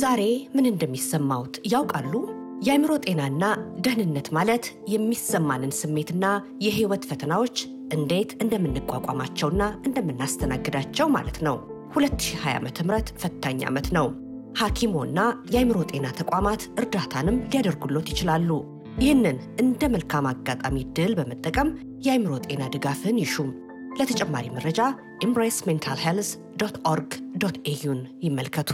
ዛሬ ምን እንደሚሰማውት ያውቃሉ? የአእምሮ ጤናና ደህንነት ማለት የሚሰማንን ስሜትና የህይወት ፈተናዎች እንዴት እንደምንቋቋማቸውና እንደምናስተናግዳቸው ማለት ነው። 2020 ዓ.ም ፈታኝ ዓመት ነው። ሐኪሞና የአእምሮ ጤና ተቋማት እርዳታንም ሊያደርጉሎት ይችላሉ። ይህንን እንደ መልካም አጋጣሚ ድል በመጠቀም የአእምሮ ጤና ድጋፍን ይሹም። ለተጨማሪ መረጃ ኢምብሬስ ሜንታል ሄልስ ዶት ኦርግ ዶት ኤዩን ይመልከቱ።